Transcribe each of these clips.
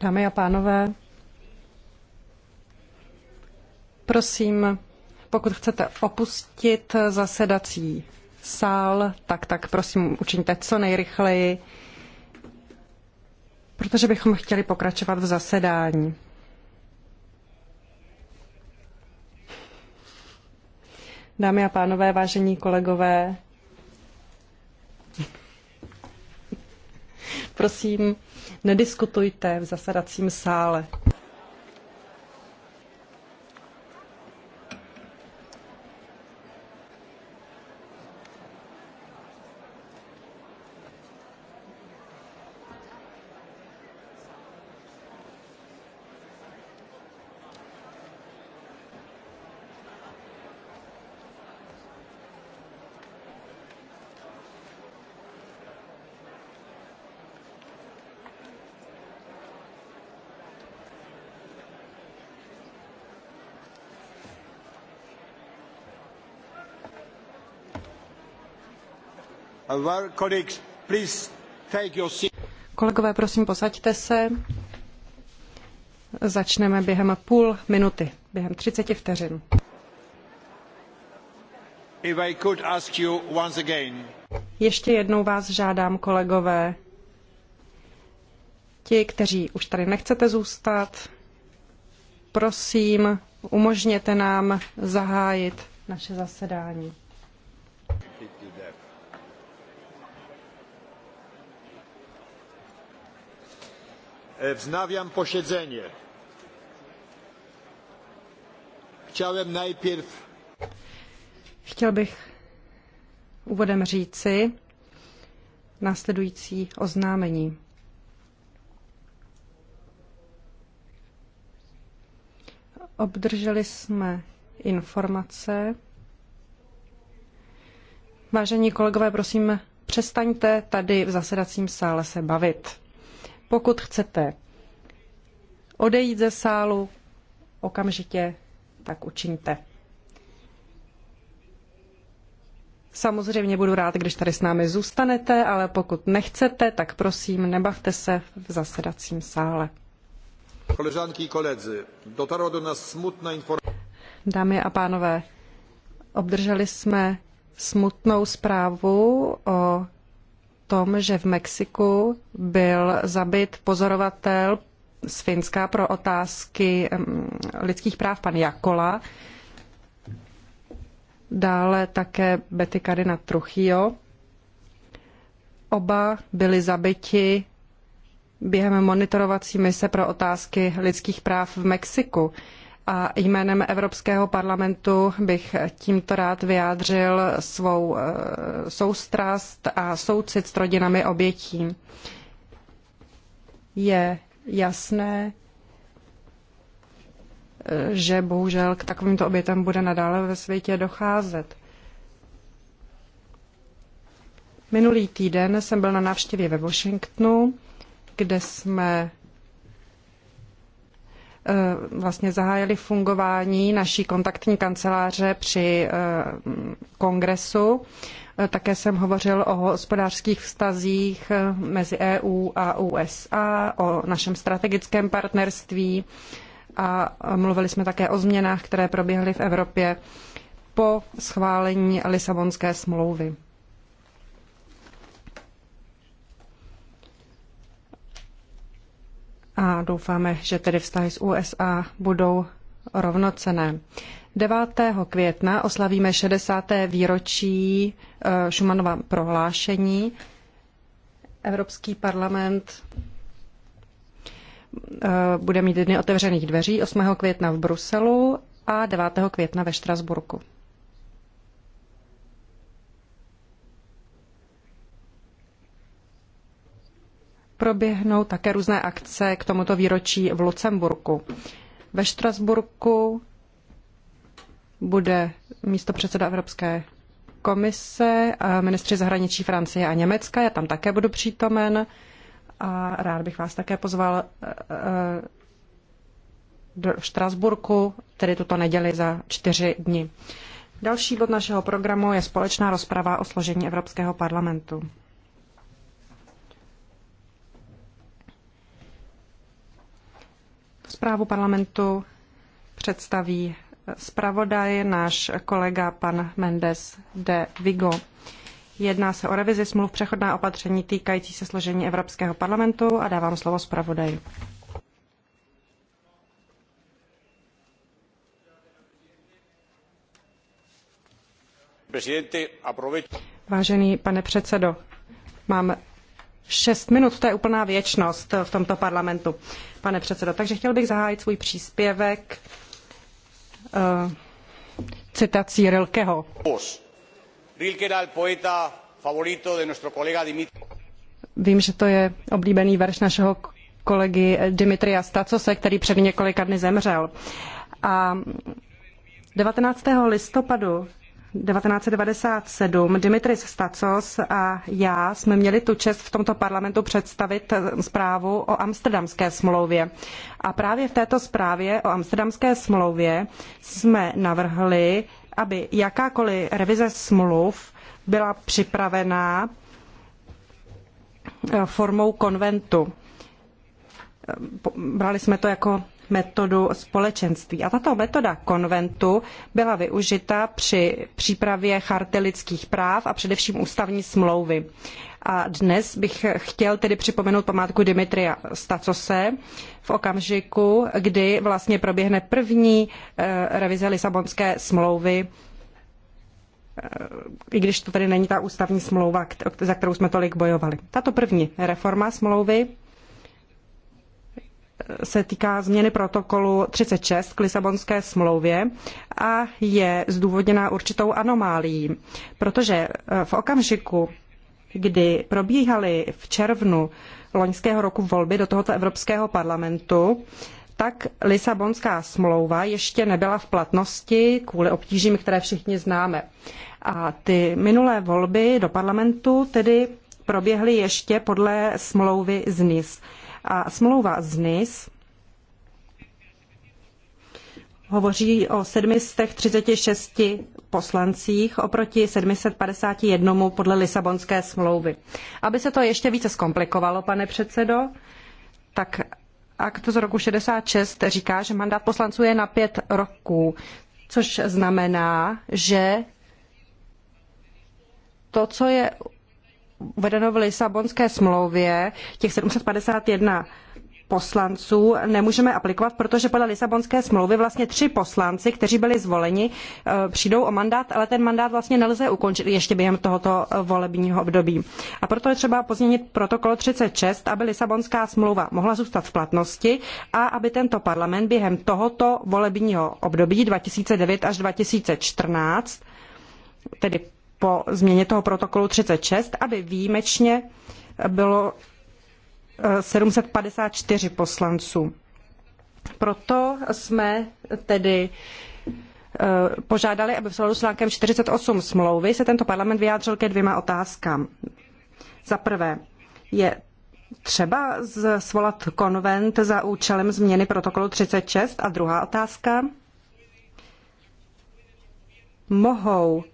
Dámy a pánové, prosím, pokud chcete opustit zasedací sál, tak tak prosím učiňte co nejrychleji, protože bychom chtěli pokračovat v zasedání. Dámy a pánové, vážení kolegové, prosím, nediskutujte v zasedacím sále. Kolegové, prosím, posaďte se. Začneme během půl minuty, během třiceti vteřin. Ještě jednou vás žádám, kolegové, ti, kteří už tady nechcete zůstat, prosím, umožněte nám zahájit naše zasedání. Wznawiam posiedzenie. Chciałem najpierw... Chtěl bych úvodem říci následující oznámení. Obdrželi jsme informace. Vážení kolegové, prosím, přestaňte tady v zasedacím sále se bavit. Pokud chcete odejít ze sálu, okamžitě tak učiňte. Samozřejmě budu rád, když tady s námi zůstanete, ale pokud nechcete, tak prosím, nebavte se v zasedacím sále. Koleżanki i koledzy, dotarła do nas smutna Dámy a pánové, obdrželi jsme smutnou zprávu o tom, že v Mexiku byl zabit pozorovatel z Finska pro otázky lidských práv pan Jakola, dále také Betty Karina Truchio. Oba byli zabiti během monitorovací mise pro otázky lidských práv v Mexiku a jménem Evropského parlamentu bych tímto rád vyjádřil svou eh, soustrast a soucit s rodinami obětí. Je jasné, eh, že bohužel k takovýmto obětem bude nadále ve světě docházet. Minulý týden jsem byl na návštěvě ve Washingtonu, kde jsme Eh, vlastně zahájili fungování naší kontaktní kanceláře při eh, kongresu. Eh, také jsem hovořil o hospodářských vztazích mezi EU a USA, o našem strategickém partnerství a mluvili jsme také o změnách, které proběhly v Evropě po schválení Lisabonské smlouvy. a doufáme, že tedy vztahy s USA budou rovnocené. 9. května oslavíme 60. výročí eh, Šumanova prohlášení. Evropský parlament eh, bude mít dny otevřených dveří 8. května v Bruselu a 9. května ve Štrasburku. proběhnou také různé akce k tomuto výročí v Lucemburku. Ve Štrasburku bude místo předseda Evropské komise a ministři zahraničí Francie a Německa. Já tam také budu přítomen a rád bych vás také pozval eh, eh, do Štrasburku, tedy tuto neděli za čtyři dny. Další bod našeho programu je společná rozprava o složení Evropského parlamentu. Zprávu parlamentu představí zpravodaj náš kolega pan Mendes de Vigo. Jedná se o revizi smluv přechodná opatření týkající se složení Evropského parlamentu a dávám slovo zpravodaji. Vážený pane předsedo, mám Šest minut, to je úplná věčnost v tomto parlamentu, pane předsedo. Takže chtěl bych zahájit svůj příspěvek uh, citací Rilkeho. Rilke era poeta favorito de nuestro colega Dimitri. Vím, že to je oblíbený verš našeho kolegy Dimitrija Stacose, který před několika dny zemřel. A 19. listopadu 1997 Dimitris Stacos a já jsme měli tu čest v tomto parlamentu představit zprávu o amsterdamské smlouvě. A právě v této zprávě o amsterdamské smlouvě jsme navrhli, aby jakákoliv revize smluv byla připravená eh, formou konventu. Brali jsme to jako metodu společenství. A tato metoda konventu byla využita při přípravě charty lidských práv a především ústavní smlouvy. A dnes bych chtěl tedy připomenout památku Dimitria Stacose v okamžiku, kdy vlastně proběhne první eh, revize Lisabonské smlouvy eh, i když to tedy není ta ústavní smlouva, za kterou jsme tolik bojovali. Tato první reforma smlouvy se týká změny protokolu 36 k Lisabonské smlouvě a je zdůvodněna určitou anomálií, protože eh, v okamžiku, kdy probíhaly v červnu loňského roku volby do tohoto Evropského parlamentu, tak Lisabonská smlouva ještě nebyla v platnosti kvůli obtížím, které všichni známe. A ty minulé volby do parlamentu tedy proběhly ještě podle smlouvy z NIS. Nice. A smlouva z NIS hovoří o 736 poslancích oproti 751 podle Lisabonské smlouvy. Aby se to ještě více zkomplikovalo, pane předsedo, tak akt z roku 66 říká, že mandát poslanců je na pět roků, což znamená, že to, co je uvedeno v Lisabonské smlouvě, těch 751 poslanců nemůžeme aplikovat, protože podle Lisabonské smlouvy vlastně tři poslanci, kteří byli zvoleni, eh, přijdou o mandát, ale ten mandát vlastně nelze ukončit ještě během tohoto eh, volebního období. A proto je třeba pozměnit protokol 36, aby Lisabonská smlouva mohla zůstat v platnosti a aby tento parlament během tohoto volebního období 2009 až 2014 tedy po změně toho protokolu 36, aby výjimečně bylo 754 eh, poslanců. Proto jsme tedy eh, požádali, aby v souladu s článkem 48 smlouvy se tento parlament vyjádřil ke dvěma otázkám. Za prvé, je třeba svolat konvent za účelem změny protokolu 36? A druhá otázka, mohou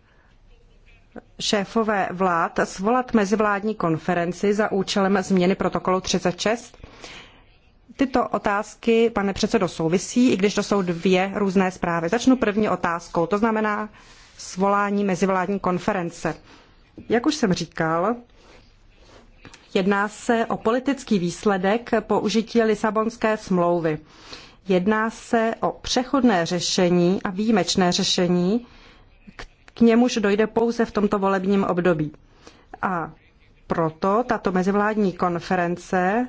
šéfové vlád svolat mezivládní konferenci za účelem změny protokolu 36? Tyto otázky, pane předsedo, souvisí, i když to jsou dvě různé zprávy. Začnu první otázkou, to znamená svolání mezivládní konference. Jak už jsem říkal, jedná se o politický výsledek použití Lisabonské smlouvy. Jedná se o přechodné řešení a výjimečné řešení, k němuž dojde pouze v tomto volebním období. A proto tato mezivládní konference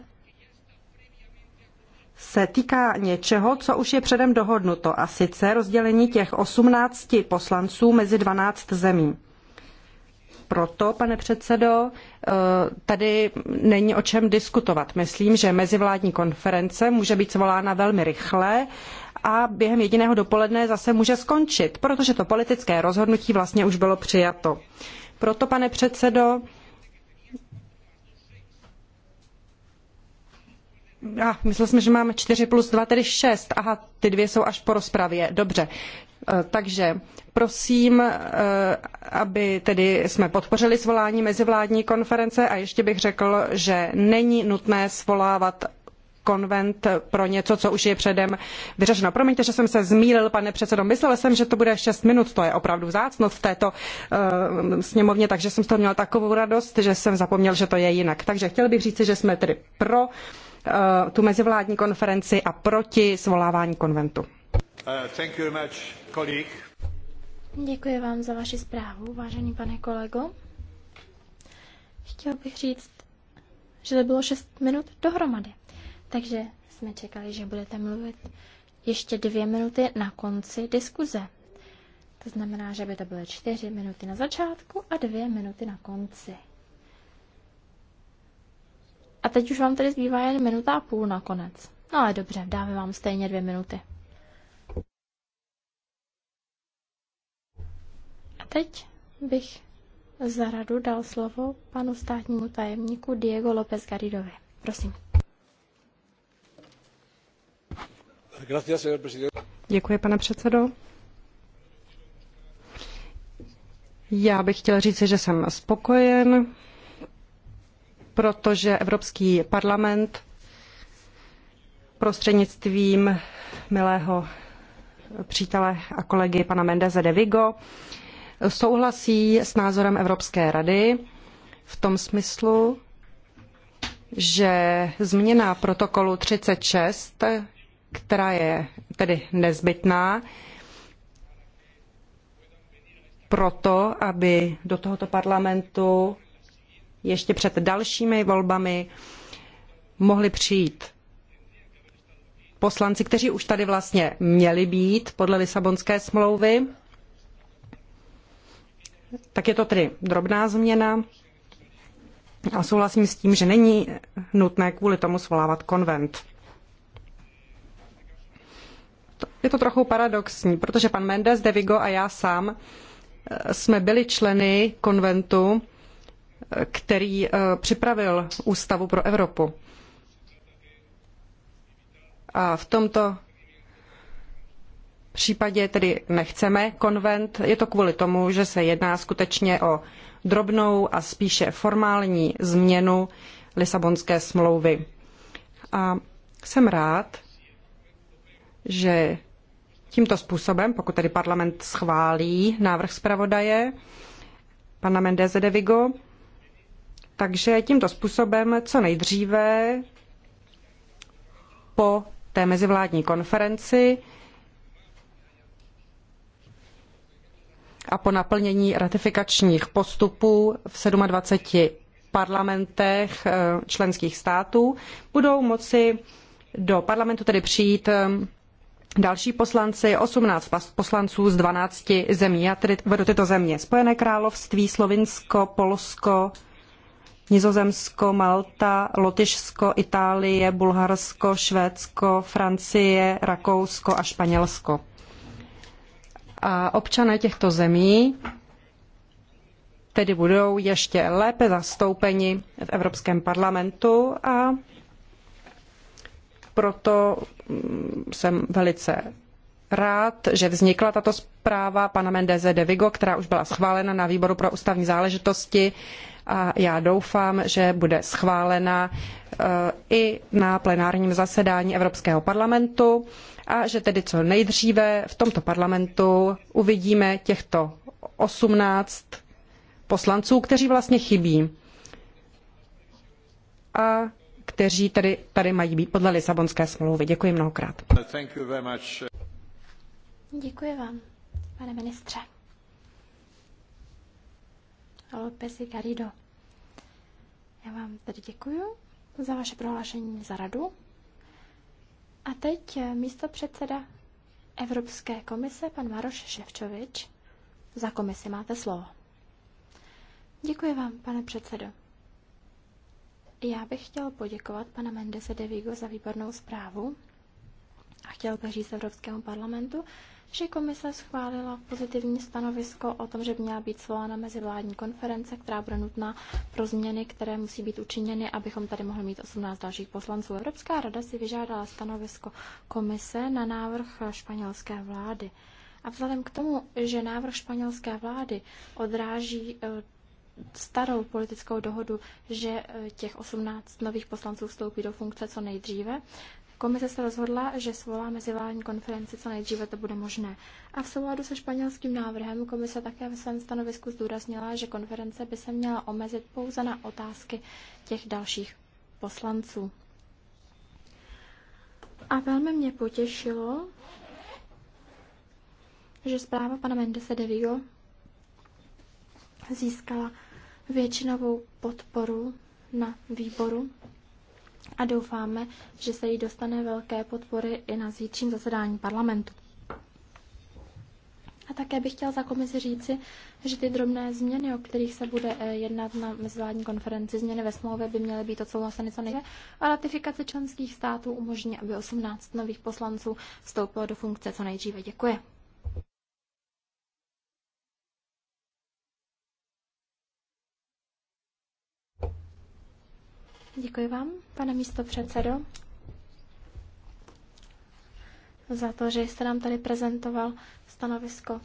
se týká něčeho, co už je předem dohodnuto, a sice rozdělení těch 18 poslanců mezi 12 zemí. Proto, pane předsedo, eh, tady není o čem diskutovat. Myslím, že mezivládní konference může být zvolána velmi rychle a během jediného dopoledne zase může skončit, protože to politické rozhodnutí vlastně už bylo přijato. Proto, pane předsedo, Ah, myslel jsem, že máme 4 plus 2, tedy 6. Aha, ty dvě jsou až po rozpravě. Dobře. E, takže prosím, e, aby tedy jsme podpořili svolání mezivládní konference a ještě bych řekl, že není nutné svolávat konvent pro něco, co už je předem vyřešeno. Promiňte, že jsem se zmýlil, pane předsedo. Myslel jsem, že to bude 6 minut, to je opravdu vzácnost v této uh, sněmovně, takže jsem z toho měl takovou radost, že jsem zapomněl, že to je jinak. Takže chtěl bych říci, že jsme tedy pro uh, tu mezivládní konferenci a proti svolávání konventu. Uh, much, Děkuji vám za vaši zprávu, vážený pane kolego. Chtěl bych říct, že to bylo 6 minut dohromady. Takže jsme čekali, že budete mluvit ještě dvě minuty na konci diskuze. To znamená, že by to byly čtyři minuty na začátku a dvě minuty na konci. A teď už vám tady zbývá jen minuta a půl na konec. No ale dobře, dáme vám stejně dvě minuty. A teď bych za radu dal slovo panu státnímu tajemníku Diego López Garidovi. Prosím. Děkuji, pane předsedo. Já bych chtěl říci, že jsem spokojen, protože Evropský parlament prostřednictvím milého přítele a kolegy pana Mendeze de Vigo souhlasí s názorem Evropské rady v tom smyslu, že změna protokolu 36 která je tedy nezbytná proto, aby do tohoto parlamentu ještě před dalšími volbami mohli přijít poslanci, kteří už tady vlastně měli být podle Lisabonské smlouvy. Tak je to tedy drobná změna a souhlasím s tím, že není nutné kvůli tomu svolávat konvent. je to trochu paradoxní, protože pan Mendes de Vigo a já sám eh, jsme byli členy konventu, eh, který eh, připravil Ústavu pro Evropu. A v tomto případě tedy nechceme konvent. Je to kvůli tomu, že se jedná skutečně o drobnou a spíše formální změnu Lisabonské smlouvy. A jsem rád, že Tímto způsobem, pokud tedy parlament schválí návrh zpravodaje pana Mendeze de Vigo, takže tímto způsobem co nejdříve po té mezivládní konferenci a po naplnění ratifikačních postupů v 27 parlamentech eh, členských států budou moci do parlamentu tedy přijít eh, další poslanci, 18 poslanců z 12 zemí. Já tedy vedu tyto země. Spojené království, Slovinsko, Polsko, Nizozemsko, Malta, Lotyšsko, Itálie, Bulharsko, Švédsko, Francie, Rakousko a Španělsko. A občané těchto zemí tedy budou ještě lépe zastoupeni v Evropském parlamentu a proto jsem velice rád, že vznikla tato zpráva pana Mendeze de Vigo, která už byla schválena na výboru pro ústavní záležitosti a já doufám, že bude schválena eh, i na plenárním zasedání Evropského parlamentu a že tedy co nejdříve v tomto parlamentu uvidíme těchto 18 poslanců, kteří vlastně chybí. A kteří tady, tady mají být podle Lisabonské smlouvy. Děkuji mnohokrát. Děkuji vám, pane ministře. Lopez Garrido. Já vám tedy děkuji za vaše prohlášení za radu. A teď eh, místo předseda Evropské komise, pan Maroš Ševčovič. Za komisi máte slovo. Děkuji vám, pane předsedo. Já bych chtěl poděkovat pana Mendese de Vigo za výbornou zprávu a chtěl bych říct Evropskému parlamentu, že komise schválila pozitivní stanovisko o tom, že by měla být svolána mezivládní konference, která bude nutná pro změny, které musí být učiněny, abychom tady mohli mít 18 dalších poslanců. Evropská rada si vyžádala stanovisko komise na návrh španělské vlády. A vzhledem k tomu, že návrh španělské vlády odráží eh, starou politickou dohodu, že e, těch 18 nových poslanců vstoupí do funkce co nejdříve. Komise se rozhodla, že svolá mezivládní konferenci co nejdříve to bude možné. A v souladu se španělským návrhem komise také ve svém stanovisku zdůraznila, že konference by se měla omezit pouze na otázky těch dalších poslanců. A velmi mě potěšilo, že zpráva pana Mendese de Vigo získala většinovou podporu na výboru a doufáme, že se jí dostane velké podpory i na zítřím zasedání parlamentu. A také bych chtěla za komisi říci, že ty drobné změny, o kterých se bude eh, jednat na mezivládní konferenci, změny ve smlouvě by měly být odsouhlaseny co nejdříve a ratifikace členských států umožní, aby 18 nových poslanců vstoupilo do funkce co nejdříve. Děkuji. Děkuji vám, pane místo předsedo, za to, že jste nám tady prezentoval stanovisko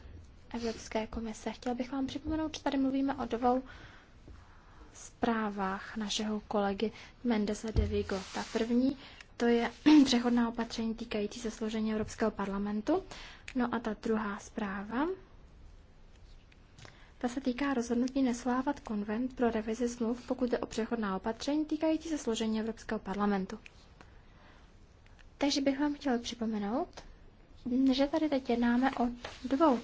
Evropské komise. Chtěl bych vám připomenout, že tady mluvíme o dvou zprávách našeho kolegy Mendeza de Vigo. Ta první to je přechodná opatření týkající se složení Evropského parlamentu. No a ta druhá zpráva ta se týká rozhodnutí neslávat konvent pro revizi smluv, pokud jde o přechodná opatření týkající se složení Evropského parlamentu. Takže bych vám chtěla připomenout, že tady teď jednáme o dvou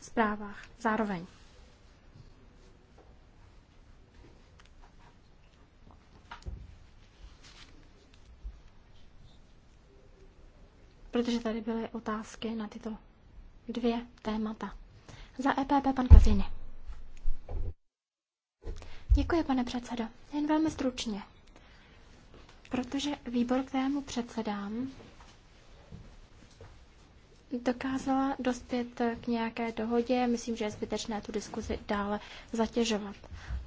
zprávách zároveň. protože tady byly otázky na tyto dvě témata. Za EPP pan Kaziny. Děkuji, pane předsedo. Jen velmi stručně. Protože výbor, kterému předsedám, dokázala dospět k nějaké dohodě. Myslím, že je zbytečné tu diskuzi dále zatěžovat.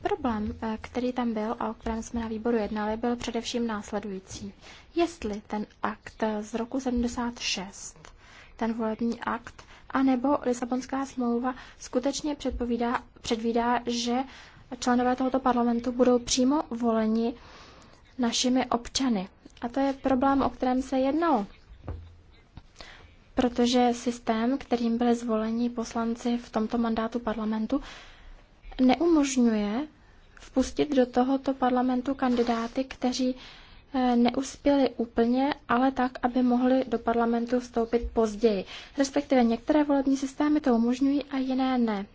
Problém, eh, který tam byl a o kterém jsme na výboru jednali, byl především následující. Jestli ten akt z roku 76, ten volební akt, anebo Lisabonská smlouva skutečně předpovídá, předvídá, že členové tohoto parlamentu budou přímo voleni našimi občany. A to je problém, o kterém se jednalo. Protože systém, kterým byli zvoleni poslanci v tomto mandátu parlamentu, neumožňuje vpustit do tohoto parlamentu kandidáty, kteří eh, neuspěli úplně, ale tak, aby mohli do parlamentu vstoupit později. Respektive některé volební systémy to umožňují a jiné ne.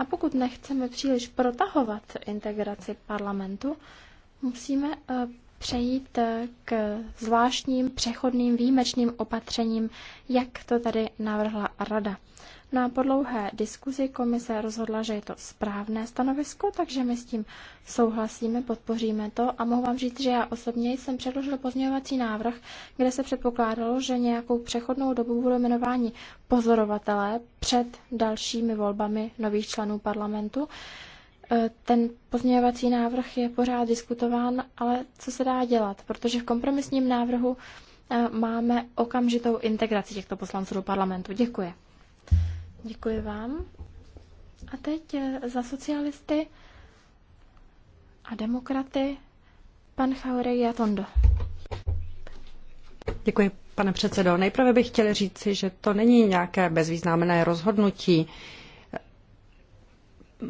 A pokud nechceme příliš protahovat integraci parlamentu, musíme eh, přejít eh, k zvláštním přechodným výjimečným opatřením, jak to tady navrhla Rada. Na podlouhé diskuzi komise rozhodla, že je to správné stanovisko, takže my s tím souhlasíme, podpoříme to a mohu vám říct, že já osobně jsem předložil pozměňovací návrh, kde se předpokládalo, že nějakou přechodnou dobu budou jmenováni pozorovatelé před dalšími volbami nových členů parlamentu. E, ten pozměňovací návrh je pořád diskutován, ale co se dá dělat? Protože v kompromisním návrhu e, máme okamžitou integraci těchto poslanců do parlamentu. Děkuji. Děkuji vám. A teď eh, za socialisty a demokraty pan Chauregia Tondo. Děkuji, pane předsedo. Nejprve bych chtěl říci, že to není nějaké bezvýznamné rozhodnutí.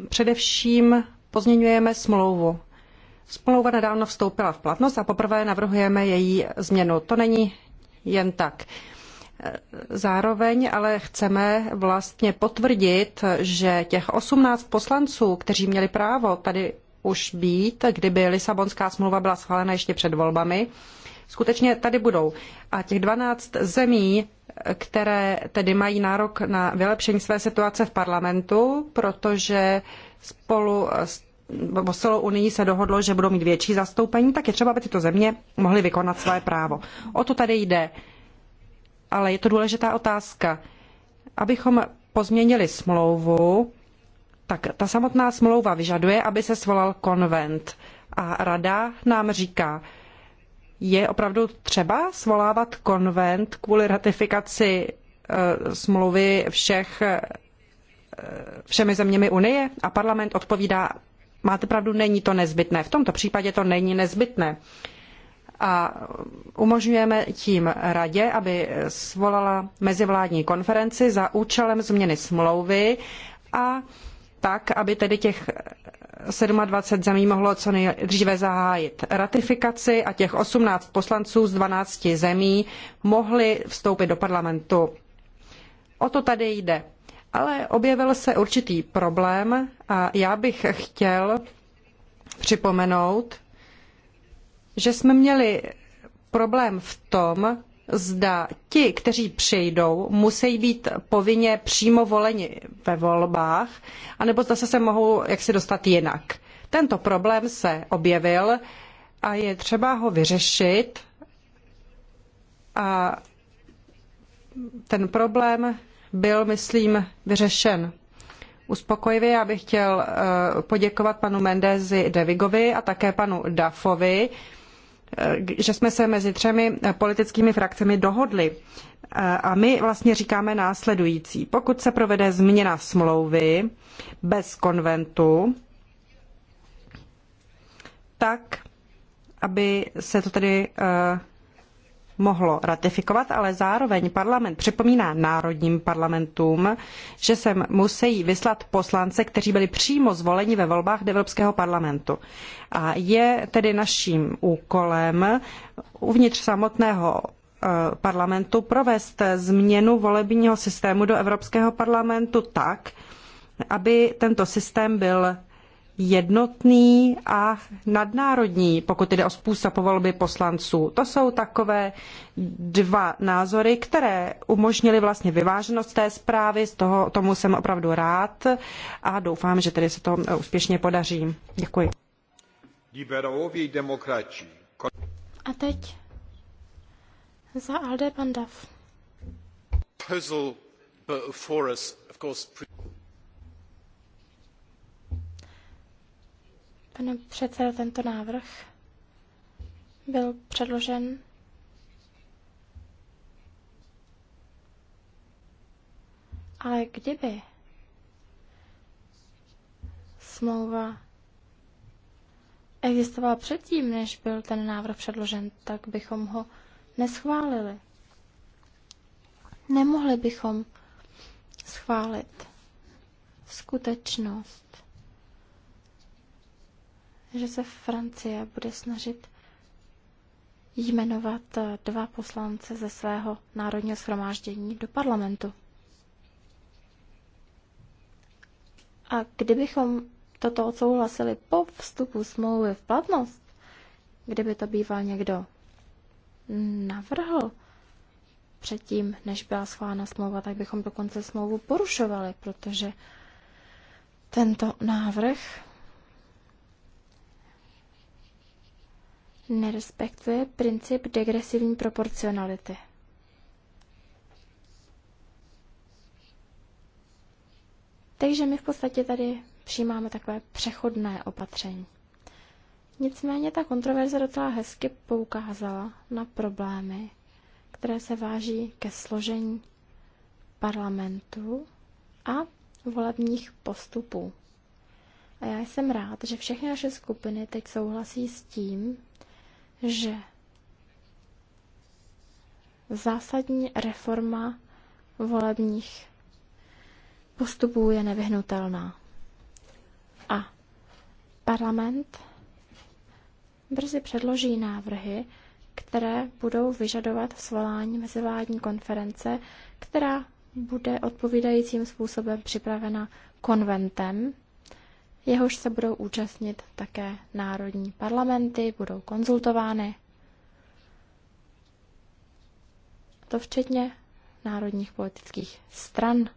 Především pozměňujeme smlouvu. Smlouva nedávno vstoupila v platnost a poprvé navrhujeme její změnu. To není jen tak. Zároveň ale chceme vlastně potvrdit, že těch 18 poslanců, kteří měli právo tady už být, kdyby Lisabonská smlouva byla schválena ještě před volbami, skutečně tady budou. A těch 12 zemí, které tedy mají nárok na vylepšení své situace v parlamentu, protože spolu s nebo celou unii se dohodlo, že budou mít větší zastoupení, tak je třeba, aby tyto země mohly vykonat své právo. O to tady jde ale je to důležitá otázka. Abychom pozměnili smlouvu, tak ta samotná smlouva vyžaduje, aby se svolal konvent. A rada nám říká, je opravdu třeba svolávat konvent kvůli ratifikaci e, smlouvy všech, e, všemi zeměmi Unie? A parlament odpovídá, máte pravdu, není to nezbytné. V tomto případě to není nezbytné. E, a umožňujeme tím radě, aby svolala mezivládní konferenci za účelem změny smlouvy a tak, aby tedy těch 27 zemí mohlo co nejdříve zahájit ratifikaci a těch 18 poslanců z 12 zemí mohli vstoupit do parlamentu. O to tady jde. Ale objevil se určitý problém a já bych chtěl připomenout, že jsme měli problém v tom, zda ti, kteří přijdou, musí být povinně přímo voleni ve volbách, anebo zda se mohou jaksi dostat jinak. Tento problém se objevil a je třeba ho vyřešit. A ten problém byl, myslím, vyřešen uspokojivě. Já bych chtěl eh, poděkovat panu Mendezi Devigovi a také panu Dafovi, Eh, že jsme se mezi třemi politickými frakcemi dohodli. Eh, a my vlastně říkáme následující. Pokud se provede změna smlouvy bez konventu, tak aby se to tedy eh, mohlo ratifikovat, ale zároveň parlament připomíná národním parlamentům, že sem musí vyslat poslance, kteří byli přímo zvoleni ve volbách do Evropského parlamentu. A je tedy naším úkolem uvnitř samotného eh, parlamentu provést změnu volebního systému do Evropského parlamentu tak, aby tento systém byl jednotný a nadnárodní, pokud jde o způsob volby poslanců. To jsou takové dva názory, které umožnily vlastně vyváženost té zprávy, z toho, tomu jsem opravdu rád a doufám, že tedy se to eh, úspěšně podaří. Děkuji. A teď za Alde Pandav. Pane předsedo, tento návrh byl předložen Ale kdyby smlouva existovala předtím, než byl ten návrh předložen, tak bychom ho neschválili. Nemohli bychom schválit skutečnost, že se Francie bude snažit jmenovat eh, dva poslance ze svého národního shromáždění do parlamentu. A kdybychom toto odsouhlasili po vstupu smlouvy v platnost, kdyby to býval někdo navrhl předtím, než byla schválena smlouva, tak bychom dokonce smlouvu porušovali, protože tento návrh nerespektuje princip degresivní proporcionality. Takže my v podstatě tady přijímáme takové přechodné opatření. Nicméně ta kontroverze docela hezky poukázala na problémy, které se váží ke složení parlamentu a volebních postupů. A já jsem rád, že všechny naše skupiny teď souhlasí s tím, že zásadní reforma volebních postupů je nevyhnutelná. A parlament brzy předloží návrhy, které budou vyžadovat svolání mezivládní konference, která bude odpovídajícím způsobem připravena konventem jehož se budou účastnit také národní parlamenty, budou konzultovány. To včetně národních politických stran,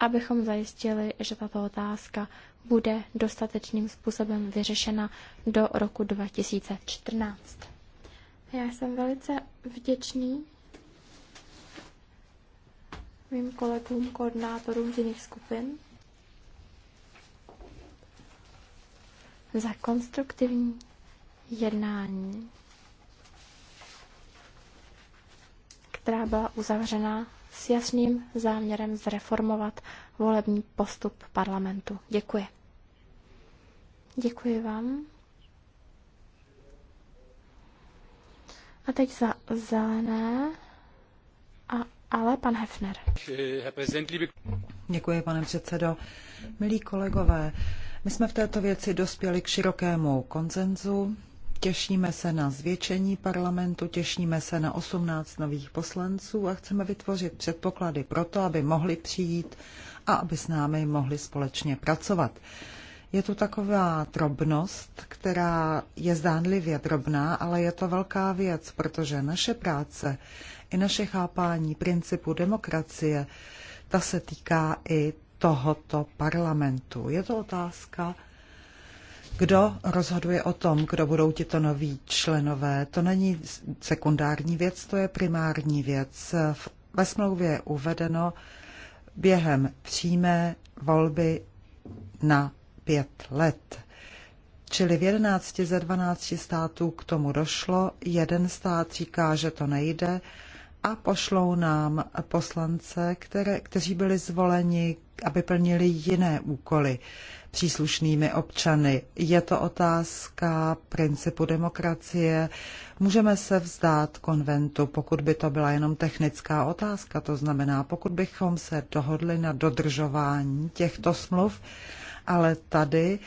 abychom zajistili, že tato otázka bude dostatečným způsobem vyřešena do roku 2014. Já jsem velice vděčný mým kolegům, koordinátorům z jiných skupin za konstruktivní jednání, která byla uzavřena s jasným záměrem zreformovat volební postup parlamentu. Děkuji. Děkuji vám. A teď za zelené, a, ale pan Hefner. Děkuji, pane předsedo. Milí kolegové, my jsme v této věci dospěli k širokému konsenzu. Těšíme se na zvětšení parlamentu, těšíme se na 18 nových poslanců a chceme vytvořit předpoklady pro to, aby mohli přijít a aby s námi mohli společně pracovat. Je to taková drobnost, která je zdánlivě drobná, ale je to velká věc, protože naše práce i naše chápání principu demokracie, ta se týká i tohoto parlamentu. Je to otázka, kdo rozhoduje o tom, kdo budou tito noví členové. To není sekundární věc, to je primární věc. Ve smlouvě je uvedeno během přímé volby na pět let. Čili v 11 ze 12 států k tomu došlo, jeden stát říká, že to nejde a pošlou nám poslance, které, kteří byli zvoleni, aby plnili jiné úkoly příslušnými občany. Je to otázka principu demokracie. Můžeme se vzdát konventu, pokud by to byla jenom technická otázka, to znamená, pokud bychom se dohodli na dodržování těchto smluv, ale tady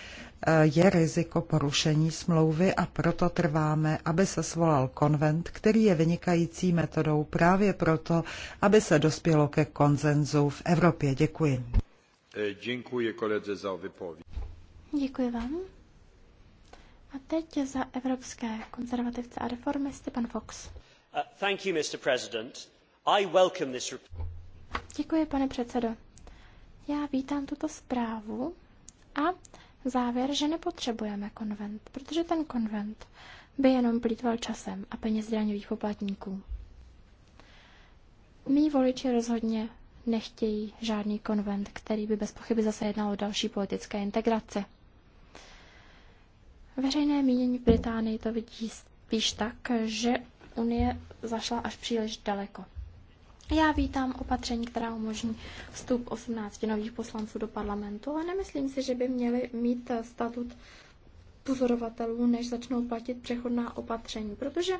je riziko porušení smlouvy a proto trváme, aby se svolal konvent, který je vynikající metodou právě proto, aby se dospělo ke konsenzu v Evropě. Děkuji. E, děkuji koledze za vypověď. Děkuji vám. A teď za evropské konzervativce a reformy stepan Fox. Uh, thank you, Mr. President. I welcome this report. Děkuji, pane předsedo. Já vítám tuto zprávu a závěr, že nepotřebujeme konvent, protože ten konvent by jenom plýtval časem a peněz daňových poplatníků. Mí voliči rozhodně nechtějí žádný konvent, který by bez pochyby zase jednal o další politické integrace. Veřejné mínění v Británii to vidí spíš tak, že Unie zašla až příliš daleko. Já vítám opatření, která umožní vstup 18 nových poslanců do parlamentu, ale nemyslím si, že by měli mít statut pozorovatelů, než začnou platit přechodná opatření, protože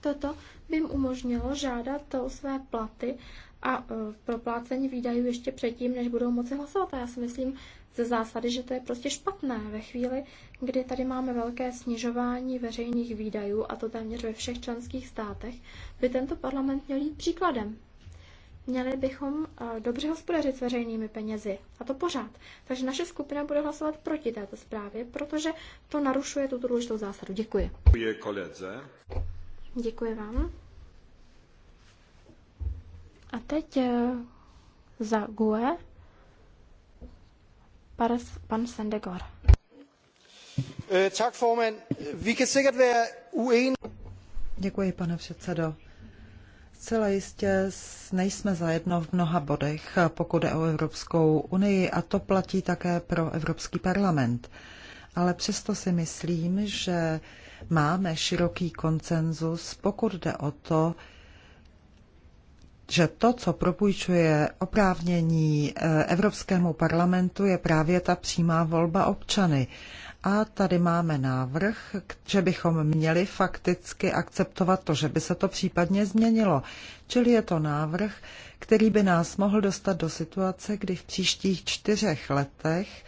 toto by jim umožnilo žádat o své platy a e, proplácení výdajů ještě předtím, než budou moci hlasovat. A já si myslím, ze zásady, že to je prostě špatné ve chvíli, kdy tady máme velké snižování veřejných výdajů, a to téměř ve všech členských státech, by tento parlament měl jít příkladem. Měli bychom eh, dobře hospodařit s veřejnými penězi, a to pořád. Takže naše skupina bude hlasovat proti této zprávě, protože to narušuje tuto důležitou zásadu. Děkuji. Děkuji koledze. Děkuji vám. A teď eh, za GUE Eh, Děkuji, pane předsedo. Zcela jistě nejsme zajedno v mnoha bodech, pokud je o Evropskou unii, a to platí také pro Evropský parlament. Ale přesto si myslím, že máme široký konsenzus, pokud jde o to, že to, co propůjčuje oprávnění eh, Evropskému parlamentu, je právě ta přímá volba občany. A tady máme návrh, že bychom měli fakticky akceptovat to, že by se to případně změnilo. Čili je to návrh, který by nás mohl dostat do situace, kdy v příštích čtyřech letech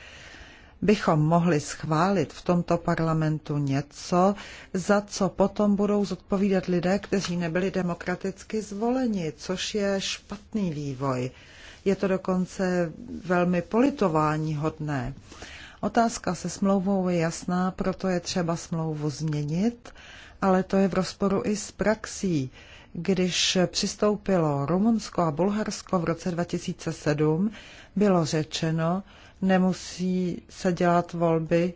bychom mohli schválit v tomto parlamentu něco, za co potom budou zodpovídat lidé, kteří nebyli demokraticky zvoleni, což je špatný vývoj. Je to dokonce velmi politování Otázka se smlouvou je jasná, proto je třeba smlouvu změnit, ale to je v rozporu i s praxí. Když přistoupilo Rumunsko a Bulharsko v roce 2007, bylo řečeno, nemusí se dělat volby.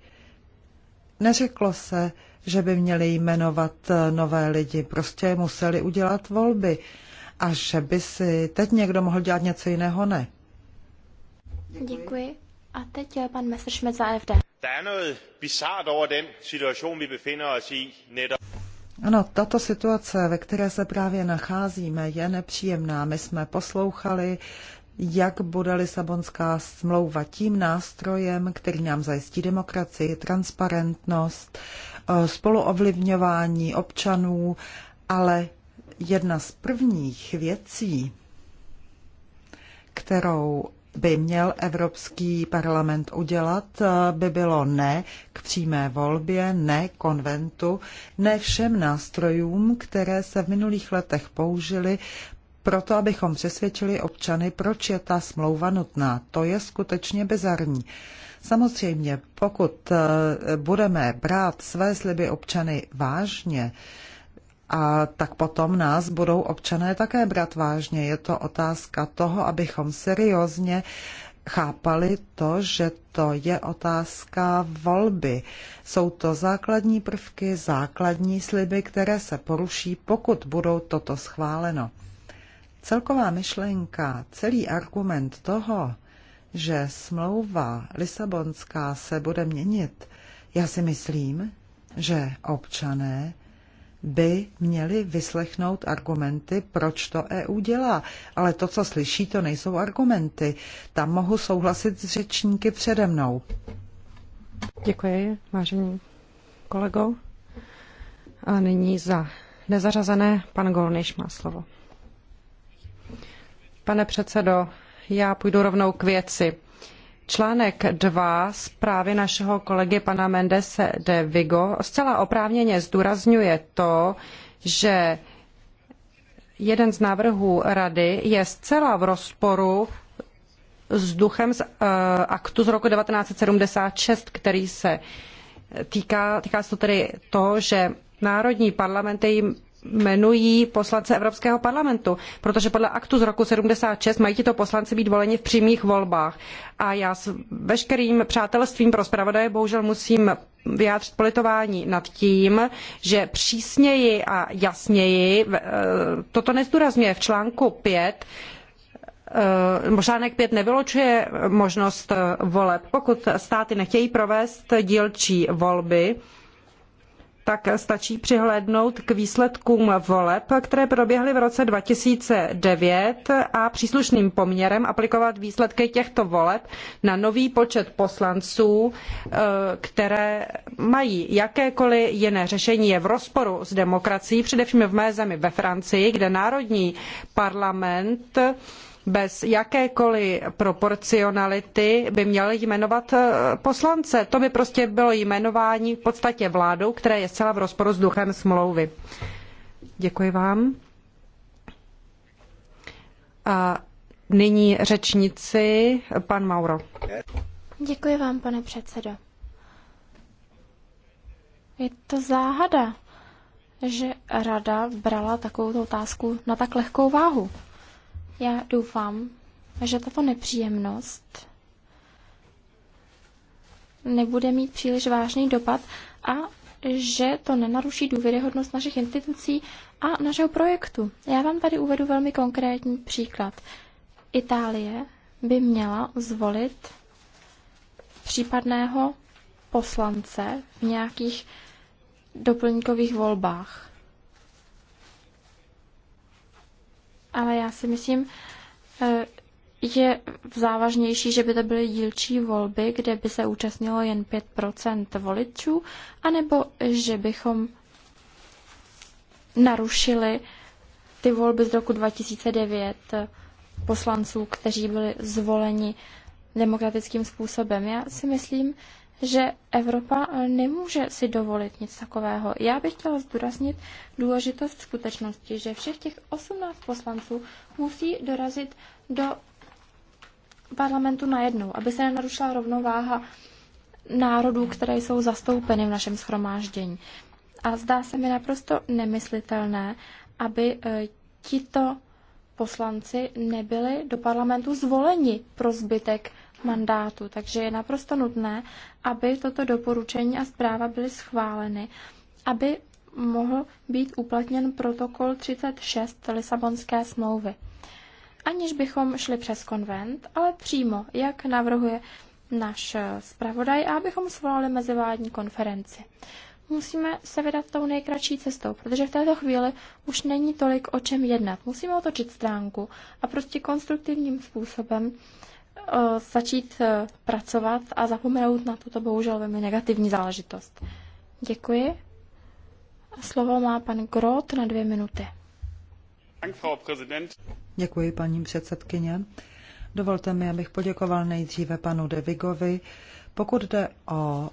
Neřeklo se, že by měli jmenovat eh, nové lidi, prostě museli udělat volby. A že by si teď někdo mohl dělat něco jiného, ne. Děkuji. A teď je pan Messerschmidt za AFD. Er ano, tato situace, ve které se právě nacházíme, je nepříjemná. My jsme poslouchali jak bude Lisabonská smlouva tím nástrojem, který nám zajistí demokracii, transparentnost, eh, spoluovlivňování občanů, ale jedna z prvních věcí, kterou by měl Evropský parlament udělat, eh, by bylo ne k přímé volbě, ne konventu, ne všem nástrojům, které se v minulých letech použily proto abychom přesvědčili občany, proč je ta smlouva nutná. To je skutečně bizarní. Samozřejmě, pokud e, budeme brát své sliby občany vážně, a tak potom nás budou občané také brát vážně. Je to otázka toho, abychom seriózně chápali to, že to je otázka volby. Jsou to základní prvky, základní sliby, které se poruší, pokud budou toto schváleno. Celková myšlenka, celý argument toho, že smlouva Lisabonská se bude měnit, já si myslím, že občané by měli vyslechnout argumenty, proč to EU dělá. Ale to, co slyší, to nejsou argumenty. Tam mohu souhlasit s řečníky přede mnou. Děkuji, vážení kolego. A nyní za nezařazené pan Golniš má slovo. Pane předsedo, já půjdu rovnou k věci. Článek 2 zprávy našeho kolegy pana Mendese de Vigo zcela oprávněně zdůrazňuje to, že jeden z návrhů rady je zcela v rozporu s duchem z, eh, aktu z roku 1976, který se týká, týká se to tedy toho, že národní parlamenty jmenují poslance Evropského parlamentu, protože podle aktu z roku 76 mají tito poslanci být voleni v přímých volbách. A já s veškerým přátelstvím pro zpravodaje bohužel musím vyjádřit politování nad tím, že přísněji a jasněji, e, toto nezdůrazňuje v článku 5, e, Článek 5 nevylučuje možnost voleb. Pokud státy nechtějí provést dílčí volby, tak stačí přihlédnout k výsledkům voleb, které proběhly v roce 2009 a příslušným poměrem aplikovat výsledky těchto voleb na nový počet poslanců, eh, které mají jakékoliv jiné řešení je v rozporu s demokracií, především v mé zemi ve Francii, kde národní parlament bez jakékoliv proporcionality by měl jmenovat eh, poslance. To by prostě bylo jmenování v podstatě vládou, které je zcela v rozporu s duchem smlouvy. Děkuji vám. A nyní řečnici, pan Mauro. Děkuji vám, pane předsedo. Je to záhada, že rada brala takovou otázku na tak lehkou váhu. Já doufám, že tato nepříjemnost nebude mít příliš vážný dopad a že to nenaruší důvěryhodnost našich institucí a našeho projektu. Já vám tady uvedu velmi konkrétní příklad. Itálie by měla zvolit případného poslance v nějakých doplňkových volbách. ale já si myslím, eh, je závažnější, že by to byly dílčí volby, kde by se účastnilo jen 5% voličů, anebo že bychom narušili ty volby z roku 2009 poslanců, kteří byli zvoleni demokratickým způsobem. Já si myslím, že Evropa eh, nemůže si dovolit nic takového. Já bych chtěla zdůraznit důležitost skutečnosti, že všech těch 18 poslanců musí dorazit do parlamentu najednou, aby se nenarušila rovnováha národů, které jsou zastoupeny v našem schromáždění. A zdá se mi naprosto nemyslitelné, aby eh, tito poslanci nebyli do parlamentu zvoleni pro zbytek mandátu. Takže je naprosto nutné, aby toto doporučení a zpráva byly schváleny, aby mohl být uplatněn protokol 36 Lisabonské smlouvy. Aniž bychom šli přes konvent, ale přímo, jak navrhuje náš zpravodaj, a abychom svolali mezivládní konferenci. Musíme se vydat tou nejkratší cestou, protože v této chvíli už není tolik o čem jednat. Musíme otočit stránku a prostě konstruktivním způsobem Eh, začít eh, pracovat a zapomenout na tuto bohužel velmi negativní záležitost. Děkuji. slovo má pan Grot na dvě minuty. Děkuji, paní předsedkyně. Dovolte mi, abych poděkoval nejdříve panu Devigovi. Pokud jde o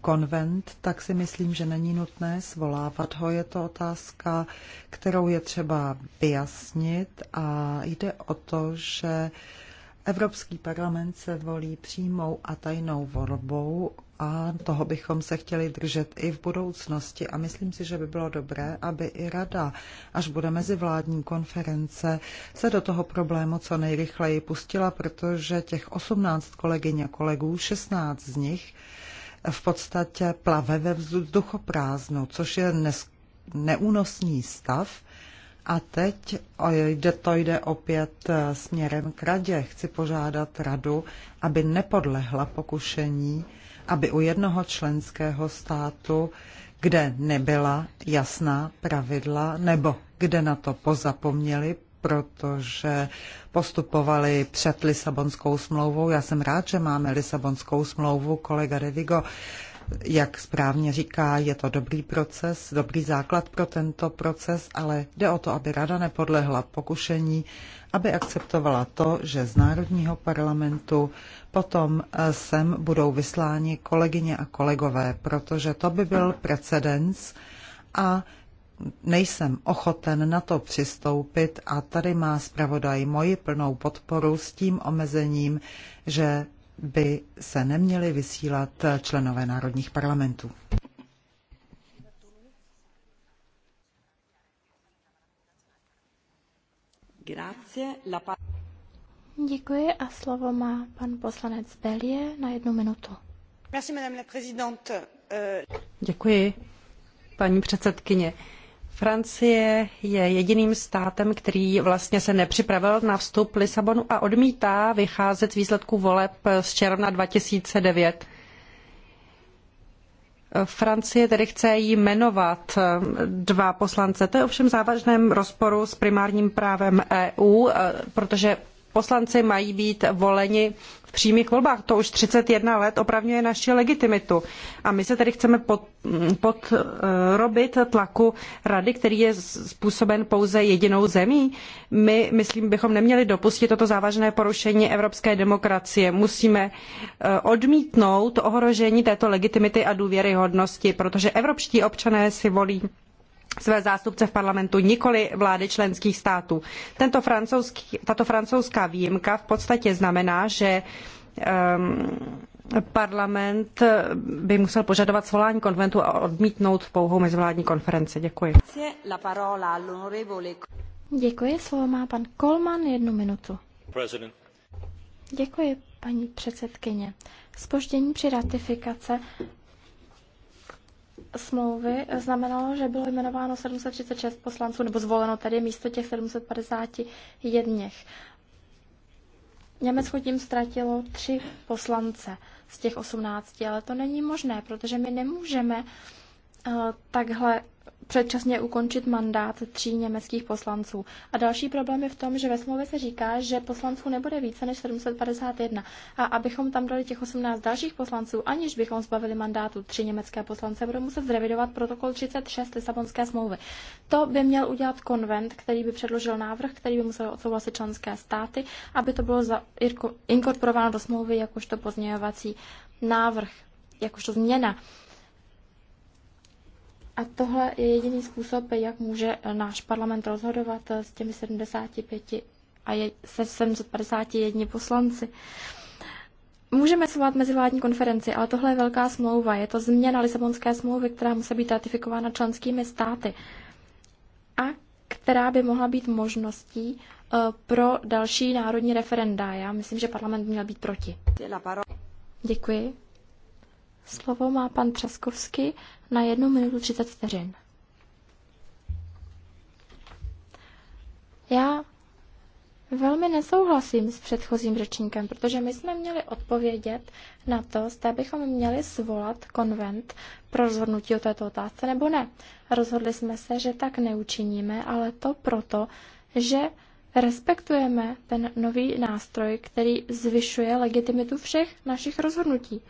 konvent, tak si myslím, že není nutné svolávat ho. Je to otázka, kterou je třeba vyjasnit a jde o to, že Evropský parlament se volí přímou a tajnou volbou a toho bychom se chtěli držet i v budoucnosti. A myslím si, že by bylo dobré, aby i rada, až bude mezivládní konference, se do toho problému co nejrychleji pustila, protože těch 18 kolegyň a kolegů, 16 z nich v podstatě plave ve vzduchoprázdnu, což je neúnosný stav, a teď jde to jde opět eh, směrem k radě. Chci požádat radu, aby nepodlehla pokušení, aby u jednoho členského státu, kde nebyla jasná pravidla nebo kde na to pozapomněli, protože postupovali před Lisabonskou smlouvou. Já jsem rád, že máme Lisabonskou smlouvu, kolega Revigo jak správně říká, je to dobrý proces, dobrý základ pro tento proces, ale jde o to, aby rada nepodlehla pokušení, aby akceptovala to, že z Národního parlamentu potom eh, sem budou vysláni kolegyně a kolegové, protože to by byl precedens a nejsem ochoten na to přistoupit a tady má zpravodaj moji plnou podporu s tím omezením, že by se neměli vysílat členové národních parlamentů. Děkuji a slovo má pan poslanec Belie na jednu minutu. Děkuji, paní předsedkyně. Francie je jediným státem, který vlastně se nepřipravil na vstup Lisabonu a odmítá vycházet z výsledků voleb z června 2009. Francie tedy chce jí jmenovat eh, dva poslance. To je ovšem závažném rozporu s primárním právem EU, eh, protože poslanci mají být voleni v přímých volbách. To už 31 let opravňuje naši legitimitu. A my se tedy chceme podrobit pod, eh, tlaku rady, který je způsoben pouze jedinou zemí. My, myslím, bychom neměli dopustit toto závažné porušení evropské demokracie. Musíme eh, odmítnout ohrožení této legitimity a důvěryhodnosti, protože evropští občané si volí své zástupce v parlamentu, nikoli vlády členských států. Tento francouzský, tato francouzská výjimka v podstatě znamená, že um, parlament eh, by musel požadovat svolání konventu a odmítnout pouhou mezivládní konferenci. Děkuji. Děkuji, slovo má pan Kolman, jednu minutu. President. Děkuji, paní předsedkyně. Spoždění při ratifikace smlouvy znamenalo, že bylo jmenováno 736 poslanců, nebo zvoleno tedy místo těch 751. Německo tím ztratilo tři poslance z těch 18, ale to není možné, protože my nemůžeme eh, takhle předčasně ukončit mandát tří německých poslanců. A další problém je v tom, že ve smlouvě se říká, že poslanců nebude více než 751. A abychom tam dali těch 18 dalších poslanců, aniž bychom zbavili mandátu tři německé poslance, budou muset zrevidovat protokol 36 Lisabonské smlouvy. To by měl udělat konvent, který by předložil návrh, který by musel odsouhlasit členské státy, aby to bylo za, inkorporováno do smlouvy jakožto pozměňovací návrh, jakožto změna. A tohle je jediný způsob, jak může náš parlament rozhodovat s těmi 75 a je, se 751 poslanci. Můžeme svolat mezivládní konferenci, ale tohle je velká smlouva. Je to změna Lisabonské smlouvy, která musí být ratifikována členskými státy a která by mohla být možností eh, pro další národní referenda. Já myslím, že parlament měl být proti. Děkuji. Slovo má pan Třaskovský na 1 minutu 30 vteřin. Já velmi nesouhlasím s předchozím řečníkem, protože my jsme měli odpovědět na to, zda bychom měli svolat konvent pro rozhodnutí o této otázce nebo ne. Rozhodli jsme se, že tak neučiníme, ale to proto, že respektujeme ten nový nástroj, který zvyšuje legitimitu všech našich rozhodnutí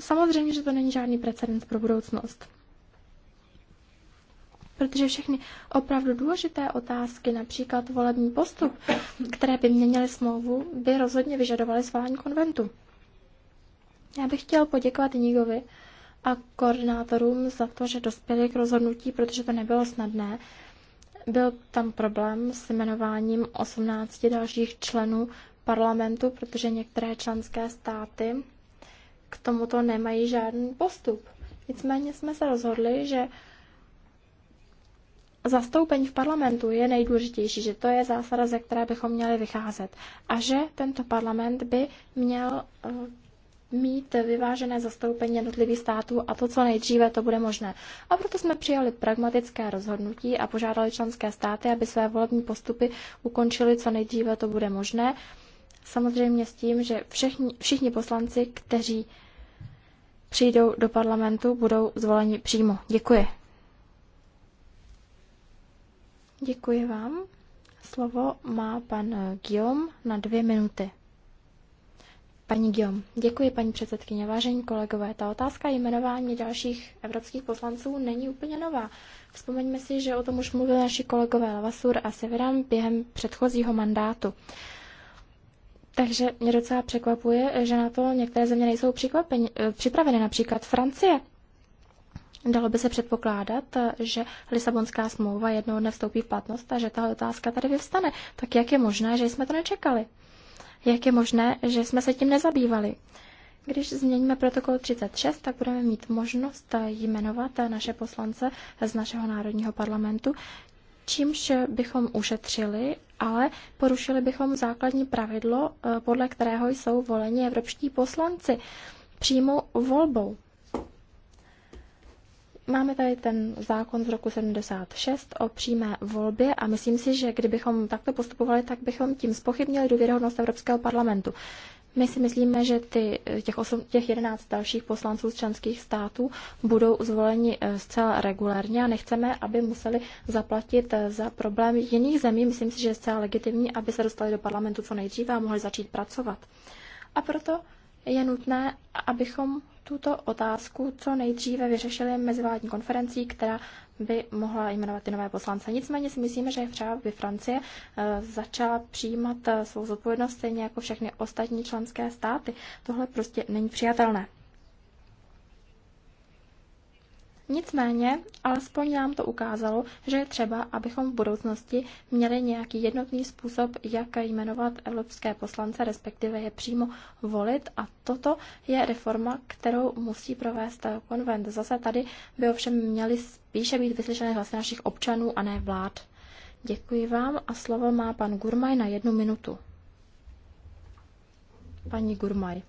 samozřejmě, že to není žádný precedens pro budoucnost. Protože všechny opravdu důležité otázky, například volební postup, které by měnily smlouvu, by rozhodně vyžadovaly svolání konventu. Já bych chtěl poděkovat Nígovi a koordinátorům za to, že dospěli k rozhodnutí, protože to nebylo snadné. Byl tam problém s jmenováním 18 dalších členů parlamentu, protože některé členské státy k tomuto nemají žádný postup. Nicméně jsme se rozhodli, že zastoupení v parlamentu je nejdůležitější, že to je zásada, ze které bychom měli vycházet. A že tento parlament by měl eh, mít vyvážené zastoupení jednotlivých států a to, co nejdříve to bude možné. A proto jsme přijali pragmatické rozhodnutí a požádali členské státy, aby své volební postupy ukončili, co nejdříve to bude možné Samozřejmě s tím, že všichni, všichni poslanci, kteří přijdou do parlamentu, budou zvoleni přímo. Děkuji. Děkuji vám. Slovo má pan Guillaume na dvě minuty. Paní Giom, děkuji paní předsedkyně. Vážení kolegové, ta otázka jmenování dalších evropských poslanců není úplně nová. Vzpomeňme si, že o tom už mluvili naši kolegové Lavasur a Severan během předchozího mandátu. Takže mě docela překvapuje, že na to některé země nejsou připraveny, například Francie. Dalo by se předpokládat, že Lisabonská smlouva jednoho dne vstoupí v platnost a že ta otázka tady vyvstane. Tak jak je možné, že jsme to nečekali? Jak je možné, že jsme se tím nezabývali? Když změníme protokol 36, tak budeme mít možnost jmenovat naše poslance z našeho národního parlamentu, čímž bychom ušetřili, ale porušili bychom základní pravidlo, eh, podle kterého jsou voleni evropští poslanci přímou volbou. Máme tady ten zákon z roku 76 o přímé volbě a myslím si, že kdybychom takto postupovali, tak bychom tím spochybnili důvěryhodnost Evropského parlamentu. My si myslíme, že ty, těch, 8, těch 11 dalších poslanců z členských států budou zvoleni eh, zcela regulérně a nechceme, aby museli zaplatit eh, za problém jiných zemí. Myslím si, že je zcela legitimní, aby se dostali do parlamentu co nejdříve a mohli začít pracovat. A proto je nutné, abychom tuto otázku co nejdříve vyřešili mezivládní konferencí, která by mohla jmenovat i nové poslance. Nicméně si myslíme, že třeba by Francie eh, začala přijímat eh, svou zodpovědnost stejně jako všechny ostatní členské státy. Tohle prostě není přijatelné. Nicméně, alespoň nám to ukázalo, že je třeba, abychom v budoucnosti měli nějaký jednotný způsob, jak jmenovat evropské poslance, respektive je přímo volit. A toto je reforma, kterou musí provést konvent. Zase tady by ovšem měly spíše být vyslyšeny hlasy našich občanů a ne vlád. Děkuji vám a slovo má pan Gurmaj na jednu minutu. Paní Gurmaj.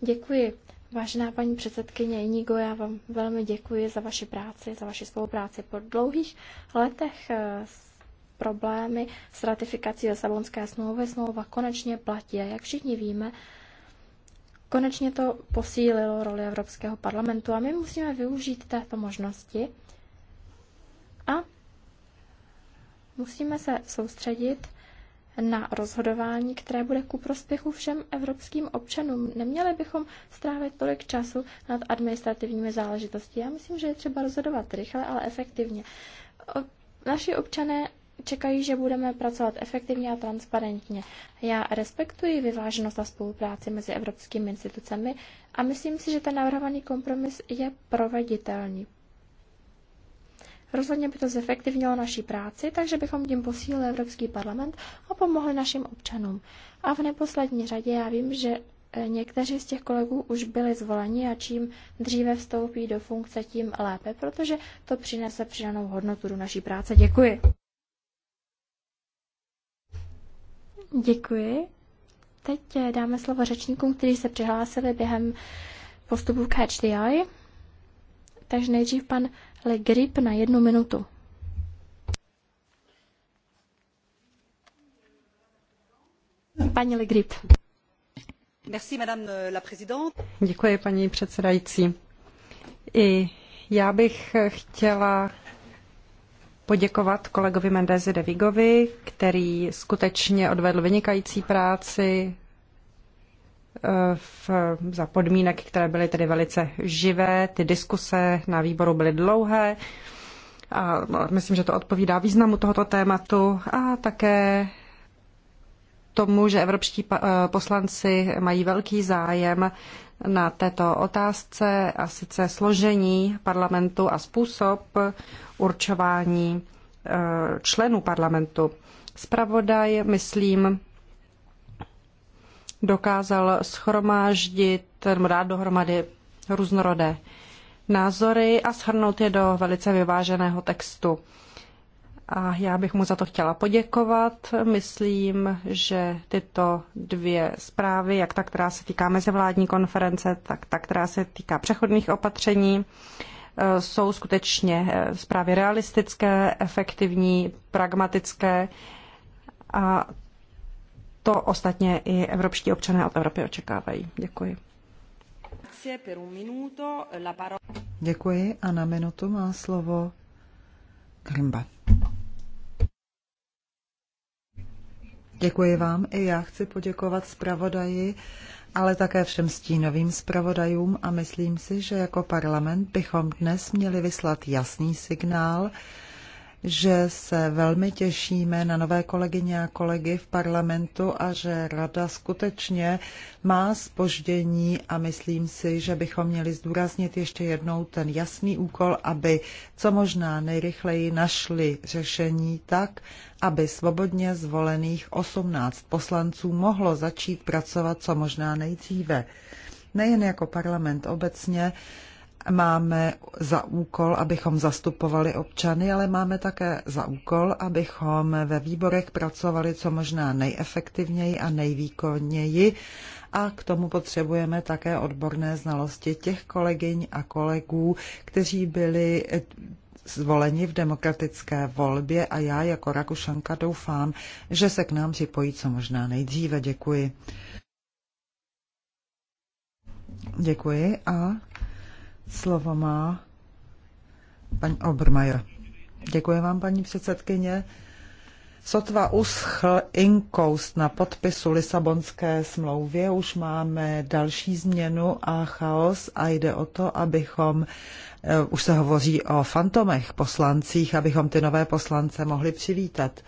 Děkuji. Vážená paní předsedkyně Inigo, já vám velmi děkuji za vaši práci, za vaši spolupráci. Po dlouhých letech eh, s problémy s ratifikací Lisabonské smlouvy smlouva konečně platí. A jak všichni víme, konečně to posílilo roli Evropského parlamentu a my musíme využít této možnosti a musíme se soustředit na rozhodování, které bude ku prospěchu všem evropským občanům. Neměli bychom strávit tolik času nad administrativními záležitosti. Já myslím, že je třeba rozhodovat rychle, ale efektivně. Naši občané čekají, že budeme pracovat efektivně a transparentně. Já respektuji vyváženost a spolupráci mezi evropskými institucemi a myslím si, že ten navrhovaný kompromis je proveditelný. Rozhodně by to zefektivnilo naší práci, takže bychom tím posílili Evropský parlament a pomohli našim občanům. A v neposlední řadě já vím, že eh, Někteří z těch kolegů už byli zvoleni a čím dříve vstoupí do funkce, tím lépe, protože to přinese přidanou hodnotu do naší práce. Děkuji. Děkuji. Teď eh, dáme slovo řečníkům, kteří se přihlásili během postupu Catch the Eye. Takže nejdřív pan Le Grip na jednu minutu. Paní Le Grip. Merci, madame la présidente. Děkuji, paní předsedající. I já bych chtěla poděkovat kolegovi Mendezi de Vigovi, který skutečně odvedl vynikající práci, v, za podmínek, které byly tedy velice živé. Ty diskuse na výboru byly dlouhé a no, myslím, že to odpovídá významu tohoto tématu a také tomu, že evropští eh, poslanci mají velký zájem na této otázce a sice složení parlamentu a způsob určování eh, členů parlamentu. Spravodaj, myslím, dokázal schromáždit, dát dohromady různorodé názory a shrnout je do velice vyváženého textu. A já bych mu za to chtěla poděkovat. Myslím, že tyto dvě zprávy, jak ta, která se týká mezivládní konference, tak ta, která se týká přechodných opatření, eh, jsou skutečně eh, zprávy realistické, efektivní, pragmatické a to ostatně i evropští občané od Evropy očekávají. Děkuji. Děkuji a na minutu má slovo Krimba. Děkuji vám i já chci poděkovat zpravodaji, ale také všem stínovým zpravodajům a myslím si, že jako parlament bychom dnes měli vyslat jasný signál, že se velmi těšíme na nové kolegyně a kolegy v parlamentu a že rada skutečně má spoždění a myslím si, že bychom měli zdůraznit ještě jednou ten jasný úkol, aby co možná nejrychleji našli řešení tak, aby svobodně zvolených 18 poslanců mohlo začít pracovat co možná nejdříve. Nejen jako parlament obecně, máme za úkol, abychom zastupovali občany, ale máme také za úkol, abychom ve výborech pracovali co možná nejefektivněji a nejvýkonněji. A k tomu potřebujeme také odborné znalosti těch kolegyň a kolegů, kteří byli eh, zvoleni v demokratické volbě a já jako Rakušanka doufám, že se k nám připojí co možná nejdříve. Děkuji. Děkuji a Slovo má paní Obermajer. Děkuji vám, paní předsedkyně. Sotva uschl inkoust na podpisu Lisabonské smlouvě, už máme další změnu a chaos a jde o to, abychom, eh, už se hovoří o fantomech poslancích, abychom ty nové poslance mohli přivítat.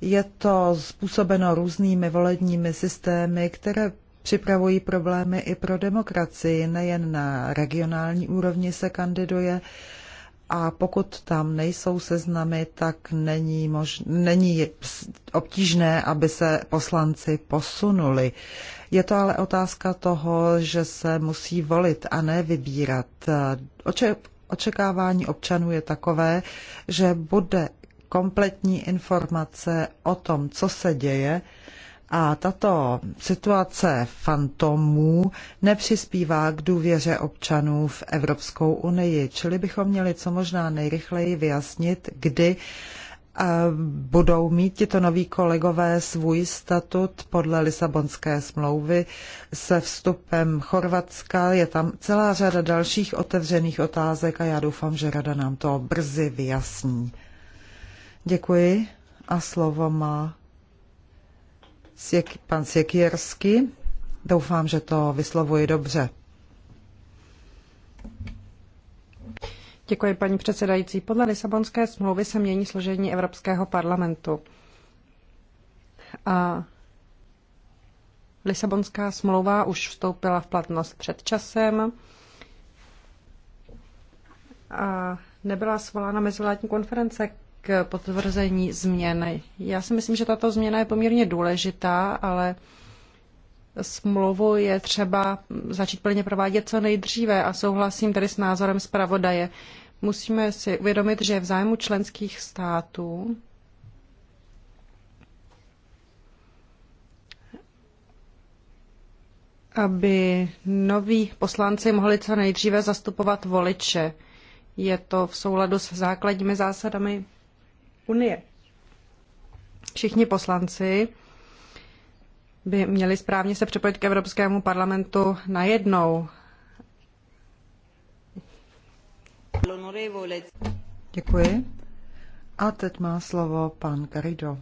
Je to způsobeno různými volebními systémy, které připravují problémy i pro demokracii. Nejen na regionální úrovni se kandiduje a pokud tam nejsou seznamy, tak není, mož, není obtížné, aby se poslanci posunuli. Je to ale otázka toho, že se musí volit a ne vybírat. Oče, očekávání občanů je takové, že bude kompletní informace o tom, co se děje, a tato situace fantomů nepřispívá k důvěře občanů v Evropskou unii, čili bychom měli co možná nejrychleji vyjasnit, kdy eh, budou mít tito noví kolegové svůj statut podle Lisabonské smlouvy se vstupem Chorvatska. Je tam celá řada dalších otevřených otázek a já doufám, že Rada nám to brzy vyjasní. Děkuji a slovo má Siek, pan Doufám, že to vyslovuji dobře. Děkuji, paní předsedající. Podle Lisabonské smlouvy se mění složení Evropského parlamentu. A Lisabonská smlouva už vstoupila v platnost před časem a nebyla svolána mezivládní konference k potvrzení změny. Já si myslím, že tato změna je poměrně důležitá, ale smlouvu je třeba začít plně provádět co nejdříve a souhlasím tedy s názorem zpravodaje. Musíme si uvědomit, že v zájmu členských států aby noví poslanci mohli co nejdříve zastupovat voliče. Je to v souladu s základními zásadami unie. Všichni poslanci by měli správně se připojit k Evropskému parlamentu najednou. Děkuji. A teď má slovo pan Garrido.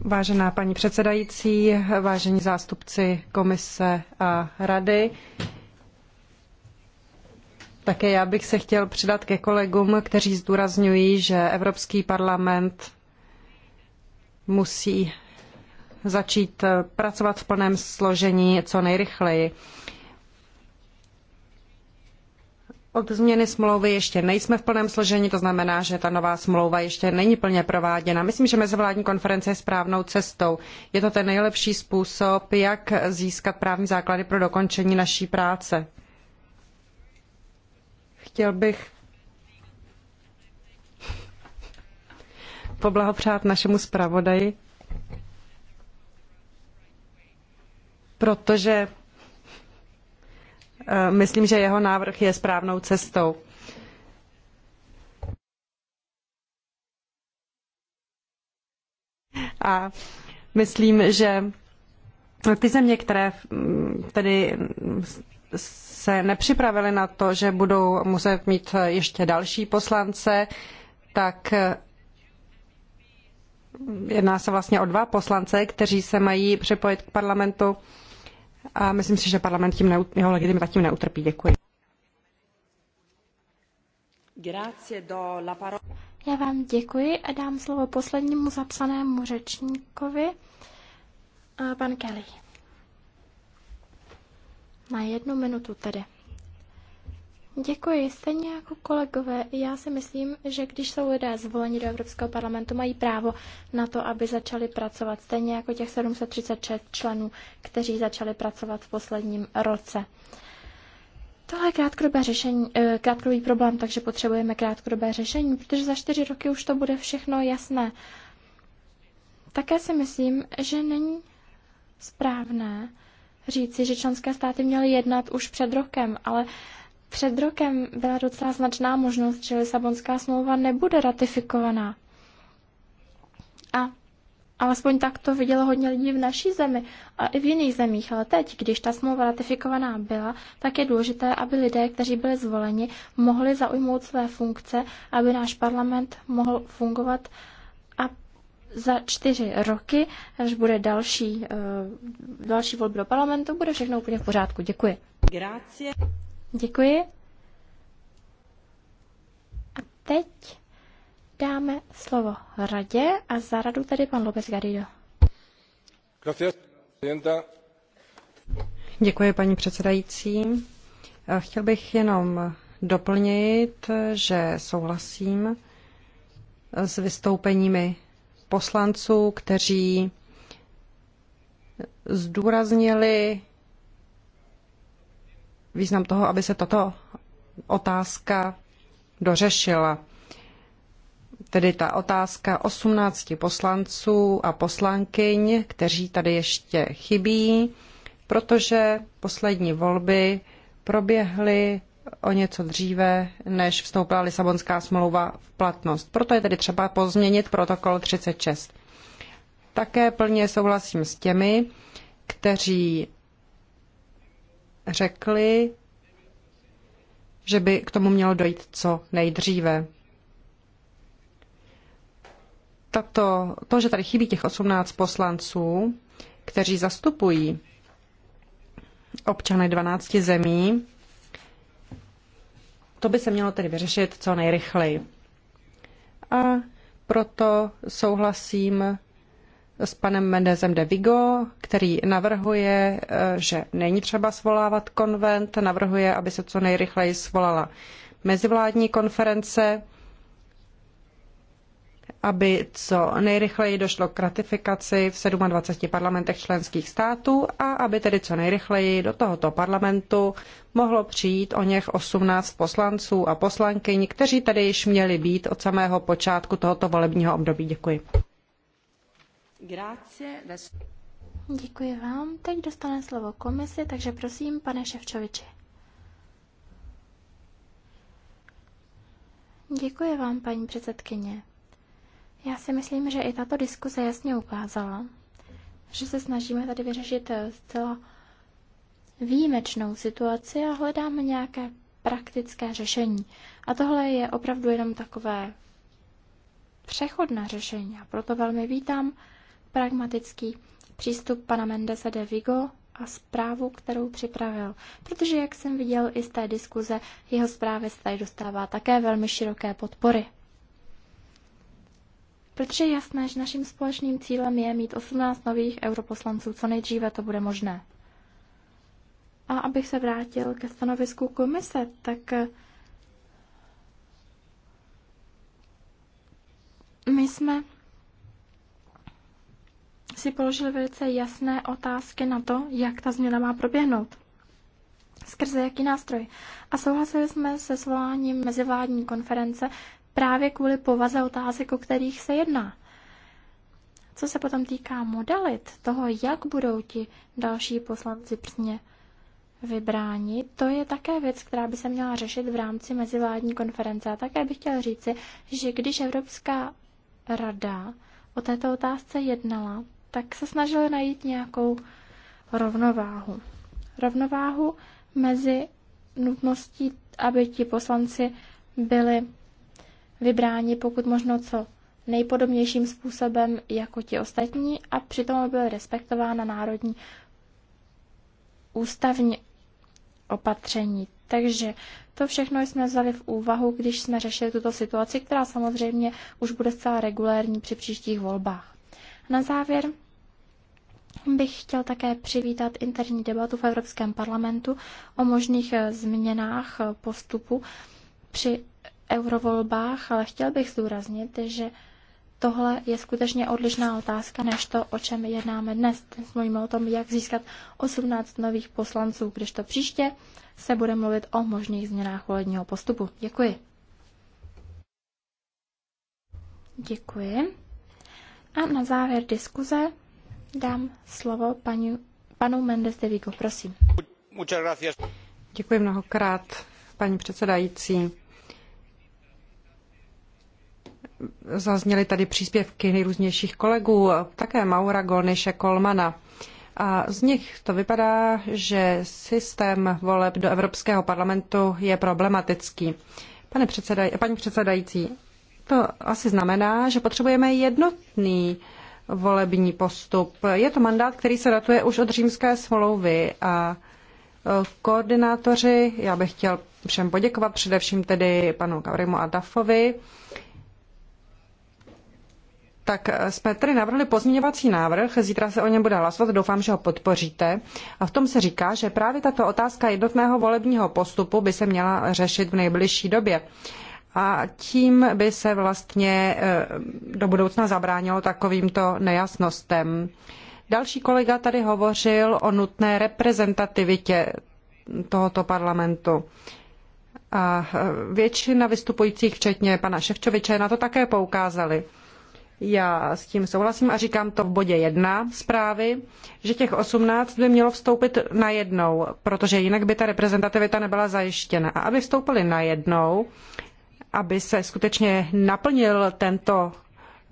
Vážená paní předsedající, vážení zástupci komise a rady, také já bych se chtěl přidat ke kolegům, kteří zdůrazňují, že Evropský parlament musí začít pracovat v plném složení co nejrychleji. Od změny smlouvy ještě nejsme v plném složení, to znamená, že ta nová smlouva ještě není plně prováděna. Myslím, že mezivládní konference je správnou cestou. Je to ten nejlepší způsob, jak získat právní základy pro dokončení naší práce. Chtěl bych poblahopřát našemu zpravodaji, protože eh, myslím, že jeho návrh je správnou cestou. A myslím, že ty země, které mm, tedy se nepřipravili na to, že budou muset mít ještě další poslance, tak eh, jedná se vlastně o dva poslance, kteří se mají připojit k parlamentu a myslím si, že parlament tím neut, jeho legitimita tím neutrpí. Děkuji. Já vám děkuji a dám slovo poslednímu zapsanému řečníkovi, eh, pan Kelly. Na jednu minutu tedy. Děkuji. Stejně jako kolegové, já si myslím, že když jsou lidé zvoleni do Evropského parlamentu, mají právo na to, aby začali pracovat, stejně jako těch 736 členů, kteří začali pracovat v posledním roce. Tohle je krátkodobé řešení, eh, krátkodobý problém, takže potřebujeme krátkodobé řešení, protože za čtyři roky už to bude všechno jasné. Také si myslím, že není správné, říci, že členské státy měly jednat už před rokem, ale před rokem byla docela značná možnost, že Lisabonská smlouva nebude ratifikovaná. A alespoň tak to vidělo hodně lidí v naší zemi a i v jiných zemích, ale teď, když ta smlouva ratifikovaná byla, tak je důležité, aby lidé, kteří byli zvoleni, mohli zaujmout své funkce, aby náš parlament mohl fungovat uh, za čtyři roky, až bude další, eh, další volby do parlamentu, bude všechno úplně v pořádku. Děkuji. Grazie. Děkuji. A teď dáme slovo radě a za radu tady pan López Garrido. Děkuji, paní předsedající. Eh, chtěl bych jenom doplnit, že souhlasím s vystoupeními poslanců, kteří zdůraznili význam toho, aby se tato otázka dořešila. Tedy ta otázka 18 poslanců a poslankyň, kteří tady ještě chybí, protože poslední volby proběhly o něco dříve, než vstoupila Lisabonská smlouva v platnost. Proto je tedy třeba pozměnit protokol 36. Také plně souhlasím s těmi, kteří řekli, že by k tomu mělo dojít co nejdříve. Tato, to, že tady chybí těch 18 poslanců, kteří zastupují občany 12 zemí, to by se mělo tedy vyřešit co nejrychleji. A proto souhlasím s panem Mendezem de Vigo, který navrhuje, eh, že není třeba svolávat konvent, navrhuje, aby se co nejrychleji svolala mezivládní konference aby co nejrychleji došlo k ratifikaci v 27 parlamentech členských států a aby tedy co nejrychleji do tohoto parlamentu mohlo přijít o něch 18 poslanců a poslankyň, kteří tedy již měli být od samého počátku tohoto volebního období. Děkuji. Děkuji vám. Teď dostane slovo komisi, takže prosím, pane Ševčoviči. Děkuji vám, paní předsedkyně. Já si myslím, že i tato diskuse jasně ukázala, že se snažíme tady vyřešit eh, zcela výjimečnou situaci a hledáme nějaké praktické řešení. A tohle je opravdu jenom takové přechodné řešení a proto velmi vítám pragmatický přístup pana Mendesa de Vigo a zprávu, kterou připravil. Protože, jak jsem viděl i z té diskuze, jeho zprávy se tady dostává také velmi široké podpory. Protože je jasné, že naším společným cílem je mít 18 nových europoslanců, co nejdříve to bude možné. A abych se vrátil ke stanovisku komise, tak eh, my jsme si položili velice jasné otázky na to, jak ta změna má proběhnout. Skrze jaký nástroj. A souhlasili jsme se svoláním mezivládní konference, právě kvůli povaze otázek, o kterých se jedná. Co se potom týká modalit, toho, jak budou ti další poslanci přesně vybráni, to je také věc, která by se měla řešit v rámci mezivládní konference. A také bych chtěla říci, že když Evropská rada o této otázce jednala, tak se snažili najít nějakou rovnováhu. Rovnováhu mezi nutností, aby ti poslanci byli vybráni pokud možno co nejpodobnějším způsobem jako ti ostatní a přitom byl respektována národní ústavní opatření. Takže to všechno jsme vzali v úvahu, když jsme řešili tuto situaci, která samozřejmě už bude zcela regulérní při příštích volbách. Na závěr bych chtěl také přivítat interní debatu v Evropském parlamentu o možných změnách postupu při eurovolbách, ale chtěl bych zdůraznit, že tohle je skutečně odlišná otázka než to, o čem jednáme dnes. Dnes mluvíme o tom, jak získat 18 nových poslanců, když to příště se bude mluvit o možných změnách volebního postupu. Děkuji. Děkuji. A na závěr diskuze dám slovo paní, panu Mendes de Vigo, prosím. Děkuji mnohokrát, paní předsedající. Zazněly tady příspěvky nejrůznějších kolegů, také Maura Golniše Kolmana. A z nich to vypadá, že systém voleb do Evropského parlamentu je problematický. Pane předsedaj, paní předsedající, to asi znamená, že potřebujeme jednotný volební postup. Je to mandát, který se datuje už od římské smlouvy a e, koordinátoři, já bych chtěl všem poděkovat, především tedy panu Kavrimu a Dafovi, tak eh, jsme tedy navrhli pozměňovací návrh, zítra se o něm bude hlasovat, doufám, že ho podpoříte. A v tom se říká, že právě tato otázka jednotného volebního postupu by se měla řešit v nejbližší době. A tím by se vlastně eh, do budoucna zabránilo takovýmto nejasnostem. Další kolega tady hovořil o nutné reprezentativitě tohoto parlamentu. A eh, většina vystupujících, včetně pana Ševčoviče, na to také poukázali. Já s tím souhlasím a říkám to v bodě jedna. zprávy, že těch 18 by mělo vstoupit najednou, protože jinak by ta reprezentativita nebyla zajištěna. A aby vstoupili najednou, aby se skutečně naplnil tento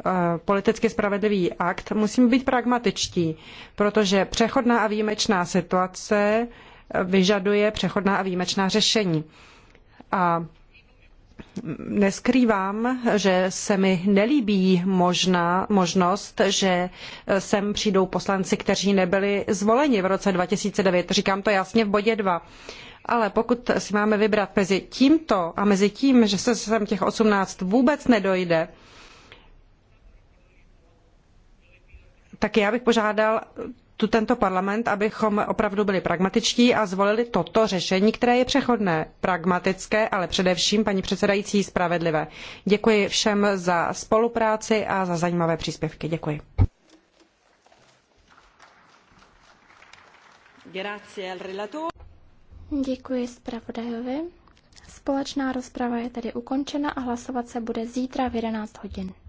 eh, politicky spravedlivý akt, musíme být pragmatičtí, protože přechodná a výjimečná situace vyžaduje přechodná a výjimečná řešení. A neskrývám, že se mi nelíbí možná možnost, že sem přijdou poslanci, kteří nebyli zvoleni v roce 2009. Říkám to jasně v bodě 2. Ale pokud si máme vybrat mezi tímto a mezi tím, že se sem těch 18 vůbec nedojde, tak já bych požádal tento parlament, abychom opravdu byli pragmatičtí a zvolili toto řešení, které je přechodné, pragmatické, ale především, paní předsedající, spravedlivé. Děkuji všem za spolupráci a za zajímavé příspěvky. Děkuji. Děkuji zpravodajovi. Společná rozprava je tedy ukončena a hlasovat se bude zítra v 11 hodin.